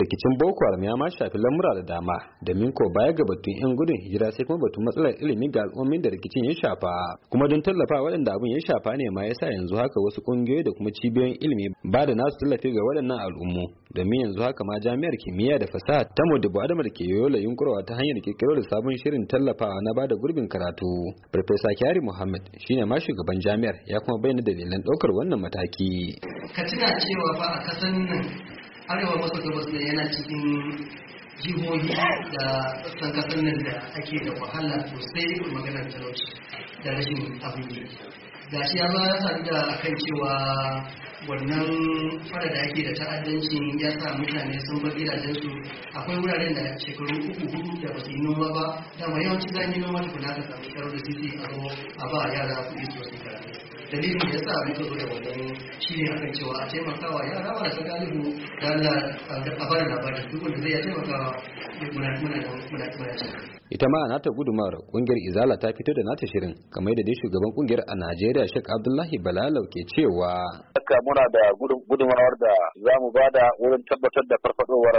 rikicin boko haram ya ma shafi lamura da dama domin ko baya ga batun yan gudun hijira sai kuma batun matsalar ilimi ga al'ummin da rikicin ya shafa kuma don tallafa waɗanda abin ya shafa ne ma yasa yanzu haka wasu ƙungiyoyi da kuma cibiyoyin ilimi ba da nasu tallafi ga waɗannan al'ummu domin yanzu haka ma jami'ar kimiyya da fasaha ta modibo adama ke yola yunkurawa ta hanyar kirkiro da sabon shirin tallafawa na bada gurbin karatu farfesa kyari muhammad shine ma shugaban jami'ar ya kuma bayyana dalilan ɗaukar wannan mataki ka tuna cewa ba a kasan nan arewa maso gabas ne yana cikin jihohi da sankafin nan da ake da wahala sosai maganar talauci da rashin abin yi da shi ya zara sa da kan cewa wannan fara da ake da ta'addanci ya sa mutane sun bar gidajensu akwai wuraren da shekaru uku hudu da basu yi noma ba dama yawanci zan yi noma kula da samun karo da sisi a a ba yara kuɗi su wasu karatu dalilin da yasa abin zuwa da wannan ne akan cewa a taimakawa ya rama da galibu da Allah a bada labarin duk wanda zai taimakawa muna muna muna muna ita ma nata gudumar kungiyar izala ta fito da nata shirin kamar da dai shugaban kungiyar a najeriya shek abdullahi balalau ke cewa haka muna da gudumar da za mu bada wurin tabbatar da farfadowar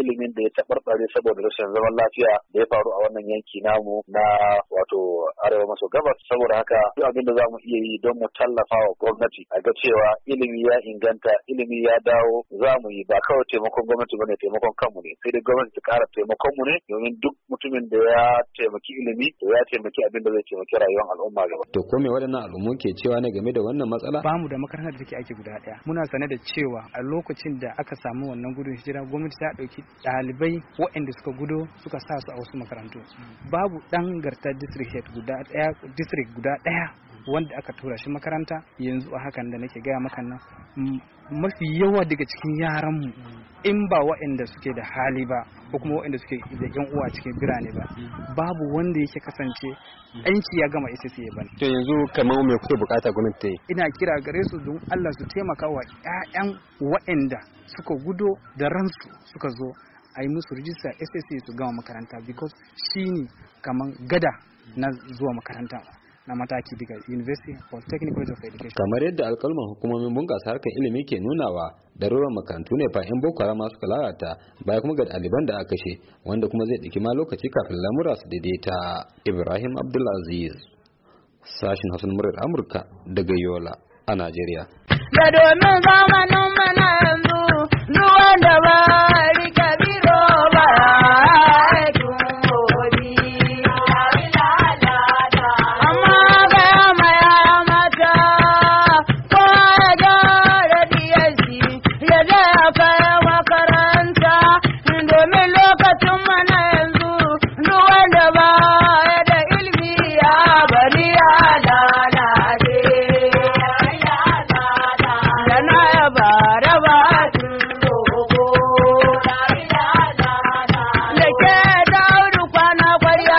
ilimin da ya tabbatar saboda rashin zaman lafiya da ya faru a wannan yanki namu na wato arewa maso gabas saboda haka duk abin da za mu iya yi don mu tallafa wa gwamnati a ga cewa ilimi ya inganta ilimi ya dawo za mu yi ba kawai taimakon gwamnati bane taimakon kanmu ne sai dai gwamnati ta kara taimakon mu ne domin duk mutumin da ya taimaki ilimi to ya taimaki abin da zai taimaki rayuwar al'umma gaba. To ko me waɗannan al'ummu ke cewa ne game da wannan matsala? Ba mu da makarantar da take aiki guda ɗaya. Muna sane da cewa a lokacin da aka samu wannan gudun hijira gwamnati ta ɗauki ɗalibai waɗanda suka gudo suka sa su a wasu makarantu. Babu ɗan garta district head guda guda ɗaya district guda ɗaya wanda aka tura shi makaranta yanzu a hakan da nake gaya maka nan mafi yawa daga cikin yaran mu in ba waɗanda suke da hali ba ko kuma waɗanda suke da yan uwa cikin birane ba babu wanda yake kasance aiki ya gama isa ya to yanzu kamar me kuke bukata gwamnati ina kira gare su don Allah su taimaka wa ƴaƴan waɗanda suka gudo da ransu suka zo a yi musu rijista SSA su gama makaranta because shi ne kamar gada na zuwa makaranta na mataki daga University of Technical College of Education. Kamar yadda alkalman hukumomin bunƙasa harkar ilimi ke nunawa, darurar makarantu ne fa in boko haram suka lalata baya kuma ga ɗaliban da aka kashe wanda kuma zai ɗauki ma lokaci kafin lamura su daidaita. Ibrahim Abdulaziz, sashin Hassan Murar Amurka daga Yola a Najeriya. Da domin zamanin The men.